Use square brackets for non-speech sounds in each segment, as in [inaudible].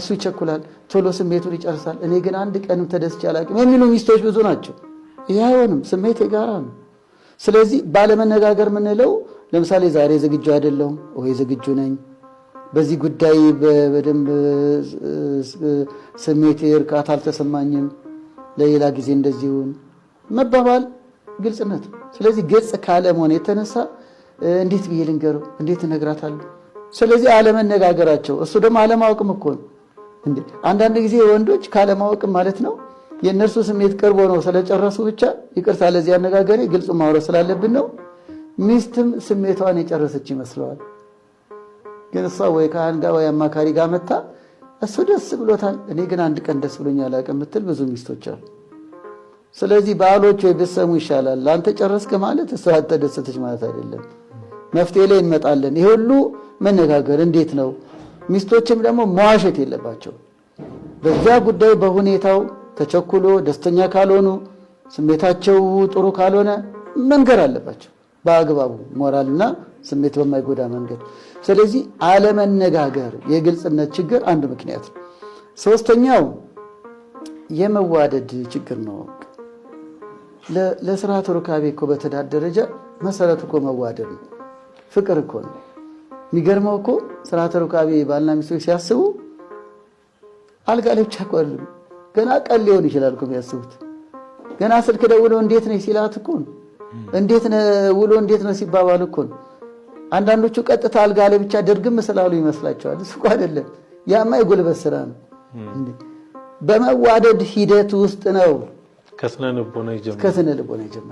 እሱ ይቸኩላል፣ ቶሎ ስሜቱን ይጨርሳል። እኔ ግን አንድ ቀንም ተደስቼ አላውቅም የሚሉ ሚስቶች ብዙ ናቸው። ይህ አይሆንም። ስሜት የጋራ ነው። ስለዚህ ባለመነጋገር የምንለው ለምሳሌ ዛሬ ዝግጁ አይደለሁም ወይ ዝግጁ ነኝ፣ በዚህ ጉዳይ በደንብ ስሜት እርካታ አልተሰማኝም፣ ለሌላ ጊዜ እንደዚሁን መባባል ግልጽነት። ስለዚህ ግልጽ ካለመሆን የተነሳ እንዴት ብዬ ልንገረው፣ እንዴት እነግራታለሁ። ስለዚህ አለመነጋገራቸው እሱ ደግሞ አለማወቅም እኮ ነው። አንዳንድ ጊዜ ወንዶች ካለማወቅም ማለት ነው የእነርሱ ስሜት ቅርቦ ነው ስለጨረሱ ብቻ ይቅርታ፣ ለዚህ አነጋገሪ ግልጽ ማውረ ስላለብን ነው። ሚስትም ስሜቷን የጨረሰች ይመስለዋል። ግን እሷ ወይ ካህን ጋር ወይ አማካሪ ጋር መታ እሱ ደስ ብሎታል፣ እኔ ግን አንድ ቀን ደስ ብሎኛ አላውቅም የምትል ብዙ ሚስቶች አሉ። ስለዚህ ባሎች ወይ ብትሰሙ ይሻላል። ለአንተ ጨረስክ ማለት እሷ ተደሰተች ማለት አይደለም። መፍትሄ ላይ እንመጣለን። ይህ ሁሉ መነጋገር እንዴት ነው? ሚስቶችም ደግሞ መዋሸት የለባቸው። በዚያ ጉዳይ በሁኔታው ተቸኩሎ ደስተኛ ካልሆኑ ስሜታቸው ጥሩ ካልሆነ መንገር አለባቸው በአግባቡ ሞራልና ስሜት በማይጎዳ መንገድ። ስለዚህ አለመነጋገር የግልጽነት ችግር አንዱ ምክንያት ነው። ሶስተኛው የመዋደድ ችግር ነው። ለስርዓተ ሩካቤ እኮ በትዳር ደረጃ መሰረቱ እኮ መዋደድ ነው፣ ፍቅር እኮ ነው። የሚገርመው እኮ ስርዓተ ሩካቤ ባልና ሚስቶች ሲያስቡ አልጋ ላይ ብቻ እኮ አይደለም ገና ቀን ሊሆን ይችላል እኮ የሚያስቡት። ገና ስልክ ደውሎ እንዴት ነህ ሲላት እኮ ነው። እንዴት ነህ ውሎ እንዴት ነው ሲባባል እኮ አንዳንዶቹ ቀጥታ አልጋ ላይ ብቻ ድርግም ስላሉ ይመስላቸዋል። እሱ እኮ አይደለም፣ ያማ የጉልበት ስራ ነው። በመዋደድ ሂደት ውስጥ ነው። ከስነ ልቦና ይጀምራል። ከስነ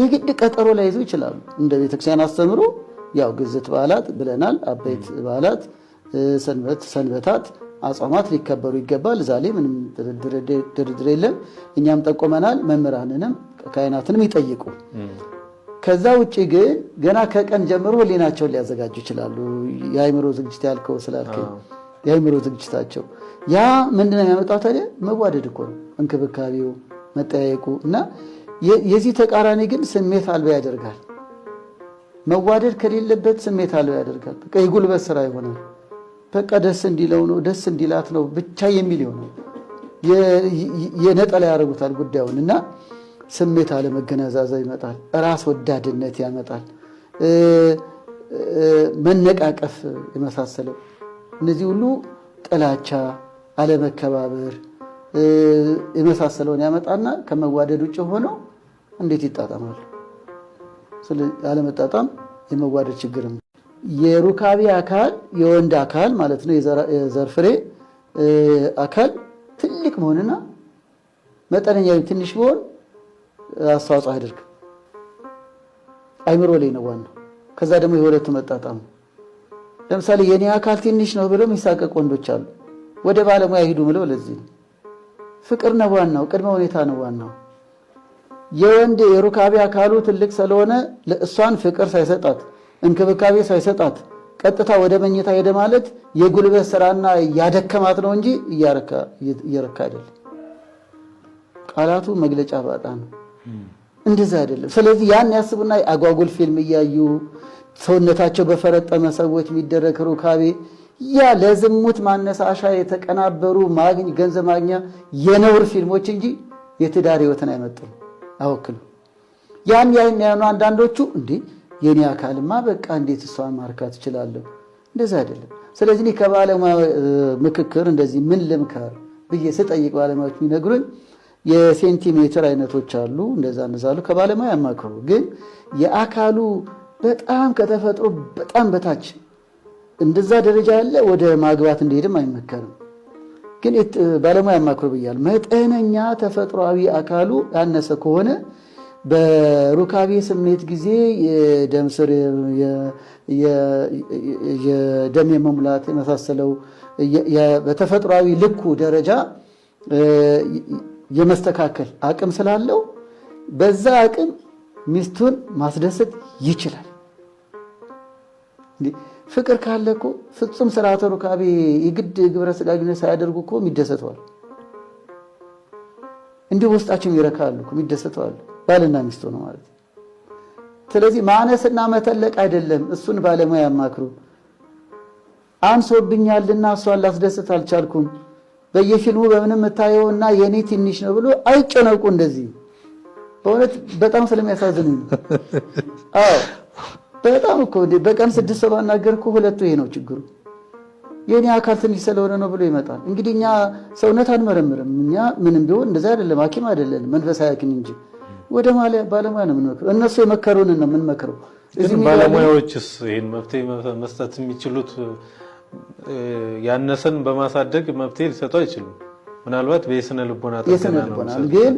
የግድ ቀጠሮ ላይ ይዘው ይችላሉ። እንደ ቤተክርስቲያን አስተምሮ ያው ግዝት በዓላት ብለናል፣ አበይት በዓላት፣ ሰንበት ሰንበታት አጽዋማት ሊከበሩ ይገባል። እዛ ላይ ምንም ድርድር የለም። እኛም ጠቆመናል። መምህራንንም ካህናትንም ይጠይቁ። ከዛ ውጭ ግን ገና ከቀን ጀምሮ ሕሊናቸውን ሊያዘጋጁ ይችላሉ። የአይምሮ ዝግጅት ያልከው ስላልከኝ የአይምሮ ዝግጅታቸው ያ ምንድን ነው የሚያመጣው ታዲያ? መዋደድ እኮ ነው። እንክብካቤው፣ መጠያየቁ እና የዚህ ተቃራኒ ግን ስሜት አልባ ያደርጋል። መዋደድ ከሌለበት ስሜት አልባ ያደርጋል። በቃ የጉልበት ስራ ይሆናል። በቃ ደስ እንዲለው ነው፣ ደስ እንዲላት ነው ብቻ የሚል ይሆናል። የነጠላ ያደርጉታል ጉዳዩን እና ስሜት አለመገናዛዛ ይመጣል። ራስ ወዳድነት ያመጣል። መነቃቀፍ የመሳሰለው እነዚህ ሁሉ ጥላቻ፣ አለመከባበር የመሳሰለውን ያመጣና ከመዋደድ ውጭ ሆነው እንዴት ይጣጣማሉ? አለመጣጣም የመዋደድ ችግር የሩካቤ አካል የወንድ አካል ማለት ነው የዘርፍሬ አካል ትልቅ መሆንና መጠነኛ ትንሽ መሆን አስተዋጽኦ አያደርግም። አይምሮ ላይ ነው ዋናው። ከዛ ደግሞ የሁለቱ መጣጣም ለምሳሌ የኔ አካል ትንሽ ነው ብለው የሚሳቀቅ ወንዶች አሉ። ወደ ባለሙያ ሂዱ ብለው ለዚህ ፍቅር ነው ዋናው፣ ቅድመ ሁኔታ ነው ዋናው። የወንድ የሩካቤ አካሉ ትልቅ ስለሆነ እሷን ፍቅር ሳይሰጣት እንክብካቤ ሳይሰጣት ቀጥታ ወደ መኝታ ሄደ ማለት የጉልበት ስራና ያደከማት ነው እንጂ እየረካ አይደለም። ቃላቱ መግለጫ ባጣ ነው። እንደዛ አይደለም። ስለዚህ ያን ያስቡና አጓጉል ፊልም እያዩ ሰውነታቸው በፈረጠመ ሰዎች የሚደረግ ሩካቤ ያ ለዝሙት ማነሳሻ የተቀናበሩ ገንዘብ ማግኛ የነውር ፊልሞች እንጂ የትዳር ህይወትን አይመጥም፣ አወክሉ ያም ያ የሚያኑ አንዳንዶቹ እንዲህ የኔ አካልማ በቃ እንዴት እሷን ማርካት እችላለሁ? እንደዚህ አይደለም። ስለዚህ እኔ ከባለሙያ ምክክር እንደዚህ ምን ልምከር ብዬ ስጠይቅ ባለሙያዎች የሚነግሩኝ የሴንቲሜትር አይነቶች አሉ፣ እንደዛ እንደዛ ከባለሙያ ያማክሩ። ግን የአካሉ በጣም ከተፈጥሮ በጣም በታች እንደዛ ደረጃ ያለ ወደ ማግባት እንደሄድም አይመከርም። ግን ባለሙያ ያማክሩ ብያለሁ። መጠነኛ ተፈጥሯዊ አካሉ ያነሰ ከሆነ በሩካቤ ስሜት ጊዜ የደም የደም የመሙላት የመሳሰለው በተፈጥሯዊ ልኩ ደረጃ የመስተካከል አቅም ስላለው በዛ አቅም ሚስቱን ማስደሰት ይችላል። ፍቅር ካለ እኮ ፍጹም ስርዓተ ሩካቤ የግድ ግብረ ሥጋ ግንኙነት ሳያደርጉ እኮ ይደሰተዋል። እንዲህ ውስጣቸው ይረካሉ፣ የሚደሰተዋሉ ባልና ሚስቶ ነው ማለት። ስለዚህ ማነስና መተለቅ አይደለም። እሱን ባለሙያ ያማክሩ። አንሶብኛልና እሷን ላስደስት አልቻልኩም፣ በየፊልሙ በምንም የምታየው እና የእኔ ትንሽ ነው ብሎ አይጨነቁ። እንደዚህ በእውነት በጣም ስለሚያሳዝንኝ [laughs] በጣም እኮ በቀን ስድስት ሰው ባናገርኩ ሁለቱ ይሄ ነው ችግሩ። የእኔ አካል ትንሽ ስለሆነ ነው ብሎ ይመጣል። እንግዲህ እኛ ሰውነት አንመረምርም። እኛ ምንም ቢሆን እንደዚ አይደለም፣ ሀኪም አይደለንም፣ መንፈሳዊ ሐኪም እንጂ ወደ ባለሙያ ነው የምንመክረው። እነሱ የመከሩንን ነው የምንመክረው። ባለሙያዎችስ ይህን መፍትሄ መስጠት የሚችሉት ያነሰን በማሳደግ መፍትሄ ሊሰጡ አይችሉም። ምናልባት በየስነ ልቦና የስነ ልቦና ግን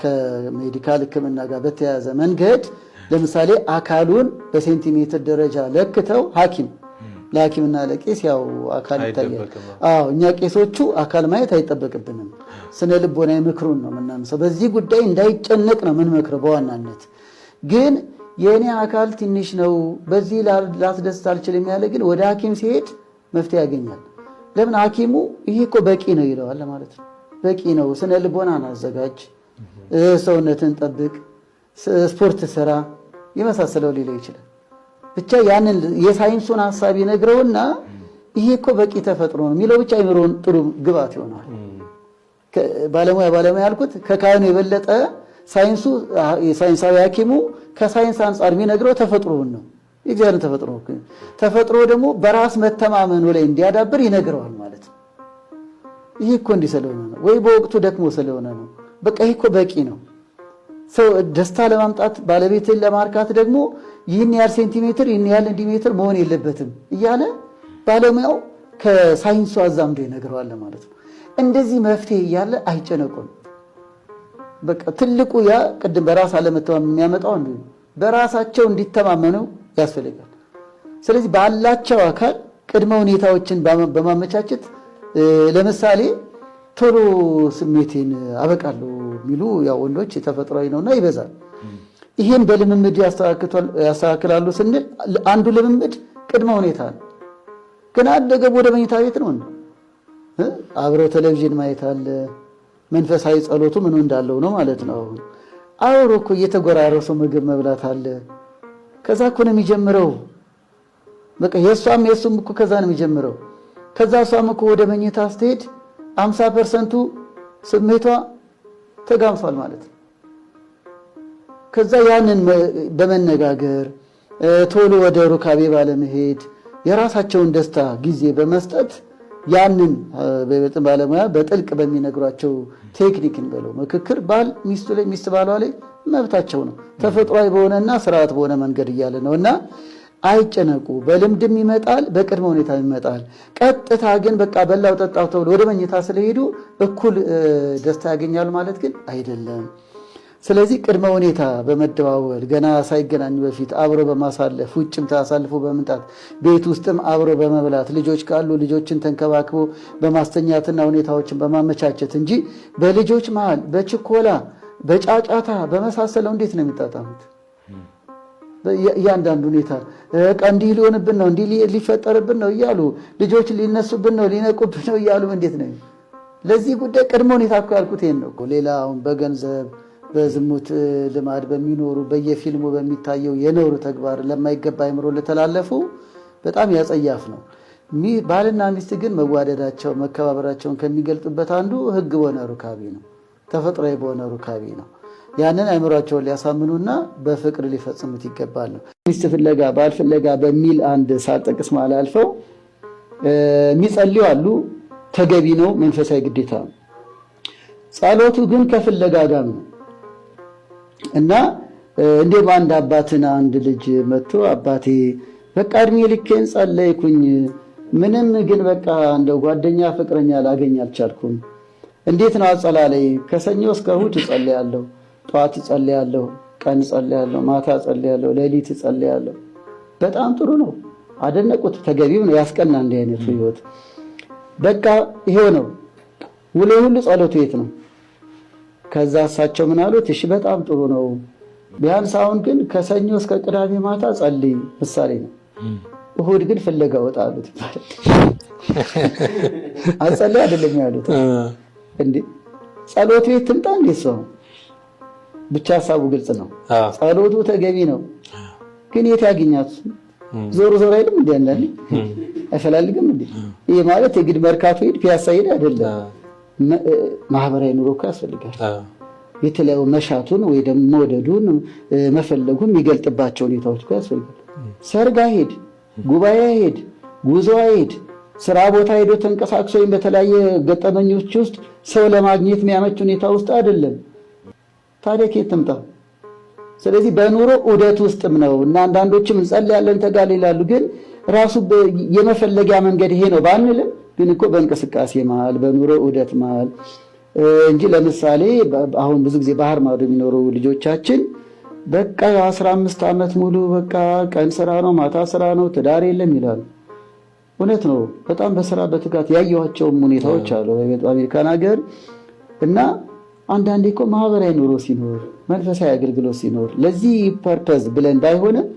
ከሜዲካል ሕክምና ጋር በተያያዘ መንገድ ለምሳሌ አካሉን በሴንቲሜትር ደረጃ ለክተው ሐኪም ለሐኪምና ለቄስ ያው አካል ይታያል። አዎ እኛ ቄሶቹ አካል ማየት አይጠበቅብንም። ስነ ልቦና ምክሩን ነው ምናምሰው። በዚህ ጉዳይ እንዳይጨነቅ ነው ምን በዋናነት ግን የእኔ አካል ትንሽ ነው፣ በዚህ ላስደስት አልችልም ያለ ግን ወደ ሐኪም ሲሄድ መፍትሄ ያገኛል። ለምን ሐኪሙ ይሄ እኮ በቂ ነው ይለዋል ማለት ነው። በቂ ነው፣ ስነ ልቦናን አዘጋጅ፣ ሰውነትን ጠብቅ፣ ስፖርት ስራ፣ የመሳሰለው ሊለው ይችላል። ብቻ ያንን የሳይንሱን ሀሳብ ይነግረውና ይሄ እኮ በቂ ተፈጥሮ ነው የሚለው ብቻ አይምሮውን ጥሩ ግባት ይሆናል። ባለሙያ ባለሙያ ያልኩት ከካህኑ የበለጠ ሳይንሱ የሳይንሳዊ ሐኪሙ ከሳይንስ አንጻር የሚነግረው ተፈጥሮውን ነው። የእግዚአብሔርን ተፈጥሮ ተፈጥሮ ደግሞ በራስ መተማመኑ ላይ እንዲያዳብር ይነግረዋል ማለት ነው። ይህ እኮ እንዲህ ስለሆነ ነው ወይ በወቅቱ ደክሞ ስለሆነ ነው። በቃ ይህ እኮ በቂ ነው። ሰው ደስታ ለማምጣት ባለቤትን ለማርካት ደግሞ ይህን ያህል ሴንቲሜትር ይህን ያህል ሜትር መሆን የለበትም እያለ ባለሙያው ከሳይንሱ አዛምዶ ይነግረዋል ማለት ነው። እንደዚህ መፍትሄ እያለ አይጨነቁም። በቃ ትልቁ ያ ቅድም በራስ አለመተማመን የሚያመጣው አንዱ በራሳቸው እንዲተማመኑ ያስፈልጋል። ስለዚህ ባላቸው አካል ቅድመ ሁኔታዎችን በማመቻቸት ለምሳሌ ቶሎ ስሜቴን አበቃለሁ የሚሉ ወንዶች ተፈጥሯዊ ነውና ይበዛል። ይሄን በልምምድ ያስተካክላሉ ስንል አንዱ ልምምድ ቅድመ ሁኔታ ነው። ገና አደገ ወደ መኝታ ቤት ነው። አብረው ቴሌቪዥን ማየት አለ። መንፈሳዊ ጸሎቱ ምኑ እንዳለው ነው ማለት ነው። አብሮ እኮ እየተጎራረሱ ምግብ መብላት አለ። ከዛ እኮ ነው የሚጀምረው። በቃ የእሷም የእሱም እኮ ከዛ ነው የሚጀምረው። ከዛ እሷም እኮ ወደ መኝታ ስትሄድ አምሳ ፐርሰንቱ ስሜቷ ተጋምሷል ማለት ነው። ከዛ ያንን በመነጋገር ቶሎ ወደ ሩካቤ ባለመሄድ የራሳቸውን ደስታ ጊዜ በመስጠት ያንን በበጥን ባለሙያ በጥልቅ በሚነግሯቸው ቴክኒክ በለው ምክክር ባል ሚስቱ ላይ ሚስት ባሏ ላይ መብታቸው ነው። ተፈጥሯዊ በሆነና ስርዓት በሆነ መንገድ እያለ ነው እና አይጨነቁ። በልምድም ይመጣል፣ በቅድመ ሁኔታ ይመጣል። ቀጥታ ግን በቃ በላው ጠጣው ተብሎ ወደ መኝታ ስለሄዱ እኩል ደስታ ያገኛሉ ማለት ግን አይደለም። ስለዚህ ቅድመ ሁኔታ በመደዋወል ገና ሳይገናኙ በፊት አብሮ በማሳለፍ ውጭም ታሳልፎ በመምጣት ቤት ውስጥም አብሮ በመብላት ልጆች ካሉ ልጆችን ተንከባክቦ በማስተኛትና ሁኔታዎችን በማመቻቸት እንጂ በልጆች መሃል በችኮላ በጫጫታ በመሳሰለው እንዴት ነው የሚጣጣሙት? እያንዳንዱ ሁኔታ በቃ እንዲህ ሊሆንብን ነው እንዲህ ሊፈጠርብን ነው እያሉ ልጆች ሊነሱብን ነው ሊነቁብን ነው እያሉ እንዴት ነው? ለዚህ ጉዳይ ቅድመ ሁኔታ እኮ ያልኩት ይሄን ነው። ሌላውን በገንዘብ በዝሙት ልማድ በሚኖሩ በየፊልሙ በሚታየው የነውር ተግባር ለማይገባ አይምሮ ለተላለፉ በጣም ያጸያፍ ነው። ባልና ሚስት ግን መዋደዳቸው መከባበራቸውን ከሚገልጥበት አንዱ ህግ በሆነ ሩካቤ ነው፣ ተፈጥሯዊ በሆነ ሩካቤ ነው። ያንን አይምሯቸውን ሊያሳምኑና በፍቅር ሊፈጽሙት ይገባል ነው። ሚስት ፍለጋ ባል ፍለጋ በሚል አንድ ሳልጠቅስ አልፈው የሚጸልዩ አሉ። ተገቢ ነው፣ መንፈሳዊ ግዴታ ነው። ጸሎቱ ግን ከፍለጋ ጋር ነው። እና እንዴም አንድ አባትን አንድ ልጅ መጥቶ አባቴ በቃ እድሜ ልኬን ጸለይኩኝ፣ ምንም ግን በቃ እንደው ጓደኛ ፍቅረኛ ላገኝ አልቻልኩም። እንዴት ነው አጸላለይ? ከሰኞ እስከ እሑድ እጸልያለሁ፣ ጠዋት እጸልያለሁ፣ ቀን እጸልያለሁ፣ ማታ እጸልያለሁ፣ ሌሊት እጸልያለሁ። በጣም ጥሩ ነው፣ አደነቁት። ተገቢው ነው፣ ያስቀና እንዲህ አይነቱ ህይወት። በቃ ይሄው ነው ውሎ ሁሉ ጸሎት የት ነው? ከዛ እሳቸው ምን አሉት? እሺ በጣም ጥሩ ነው። ቢያንስ አሁን ግን ከሰኞ እስከ ቅዳሜ ማታ ጸልይ፣ ምሳሌ ነው። እሁድ ግን ፍለጋ ወጣ አሉት። [laughs] አጸልይ አይደለም ያሉት እንዴ ጸሎት ቤት ትምጣ እንዴ ሰው ብቻ ሀሳቡ ግልጽ ነው። ጸሎቱ ተገቢ ነው፣ ግን የት ያገኛት? ዞሮ ዞሮ አይልም እንዲ አንዳንዴ አይፈላልግም እንዴ? ይህ ማለት የግድ መርካቶ ሂድ፣ ፒያሳ ሄድ አይደለም። ማህበራዊ ኑሮ እኮ ያስፈልጋል። የተለያዩ መሻቱን ወይ ደግሞ መውደዱን መፈለጉን የሚገልጥባቸው ሁኔታዎች ያስፈልጋል። ሰርግ አይሄድ፣ ጉባኤ አይሄድ፣ ጉዞ አይሄድ፣ ስራ ቦታ ሄዶ ተንቀሳቅሶ ወይም በተለያየ ገጠመኞች ውስጥ ሰው ለማግኘት የሚያመች ሁኔታ ውስጥ አይደለም። ታዲያ ከየት ትምጣ? ስለዚህ በኑሮ ዑደት ውስጥም ነው እና አንዳንዶችም እንጸልያለን ተጋል ይላሉ። ግን ራሱ የመፈለጊያ መንገድ ይሄ ነው ባንልም ግን እኮ በእንቅስቃሴ መሀል በኑሮ ውደት መሀል እንጂ ለምሳሌ አሁን ብዙ ጊዜ ባህር ማዶ የሚኖሩ ልጆቻችን በቃ አስራ አምስት ዓመት ሙሉ በቃ ቀን ስራ ነው ማታ ስራ ነው ትዳር የለም ይላሉ። እውነት ነው። በጣም በስራ በትጋት ያየኋቸውም ሁኔታዎች አሉ በአሜሪካን ሀገር እና አንዳንዴ እኮ ማህበራዊ ኑሮ ሲኖር መንፈሳዊ አገልግሎት ሲኖር ለዚህ ፐርፐዝ ብለን ባይሆንም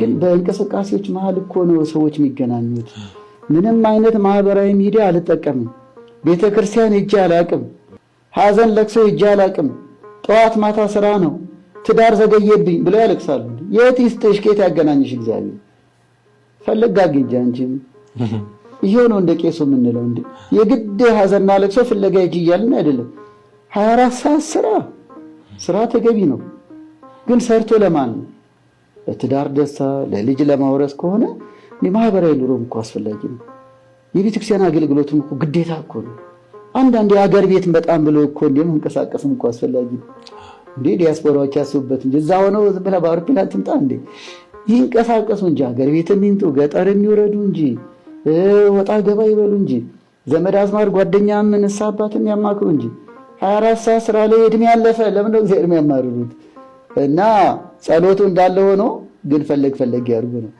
ግን በእንቅስቃሴዎች መሀል እኮ ነው ሰዎች የሚገናኙት። ምንም አይነት ማህበራዊ ሚዲያ አልጠቀምም። ቤተ ክርስቲያን ሄጄ አላቅም። ሐዘን ለቅሶ ሄጄ አላቅም። ጠዋት ማታ ስራ ነው። ትዳር ዘገየብኝ ብለው ያለቅሳሉ። የት ይስጥሽ? ከየት ያገናኝሽ? እግዚአብሔር ፈለግ አግጃ እንጂም ይሄው ነው እንደ ቄሱ የምንለው እንደ የግድ ሐዘንና ለቅሶ ፍለጋ ሂጂ እያልን አይደለም። ሀያ አራት ሰዓት ስራ ስራ ተገቢ ነው፣ ግን ሰርቶ ለማን ነው? ለትዳር ደስታ ለልጅ ለማውረስ ከሆነ የማህበራዊ ኑሮም እኮ አስፈላጊ ነው። የቤተክርስቲያን አገልግሎትም እኮ ግዴታ እኮ ነው። አንዳንድ የሀገር ቤትን በጣም ብሎ እኮ እንደ መንቀሳቀስም እኮ አስፈላጊ ነው። እንዴ ዲያስፖራዎች ያስቡበት እንጂ እዛ ሆነው ዝም ብለህ በአውሮፕላን ትምጣ እንዴ? ይንቀሳቀሱ እንጂ ሀገር ቤት የሚንጡ ገጠር የሚውረዱ እንጂ ወጣ ገባ ይበሉ እንጂ ዘመድ አዝማር ጓደኛ ምንሳ አባትን ያማክሩ እንጂ ሀያ አራት ሰዓት ስራ ላይ እድሜ ያለፈ ለምን ጊዜ እድሜ ያማርሩት እና ጸሎቱ እንዳለ ሆኖ ግን ፈለግ ፈለግ ያርጉ ነው።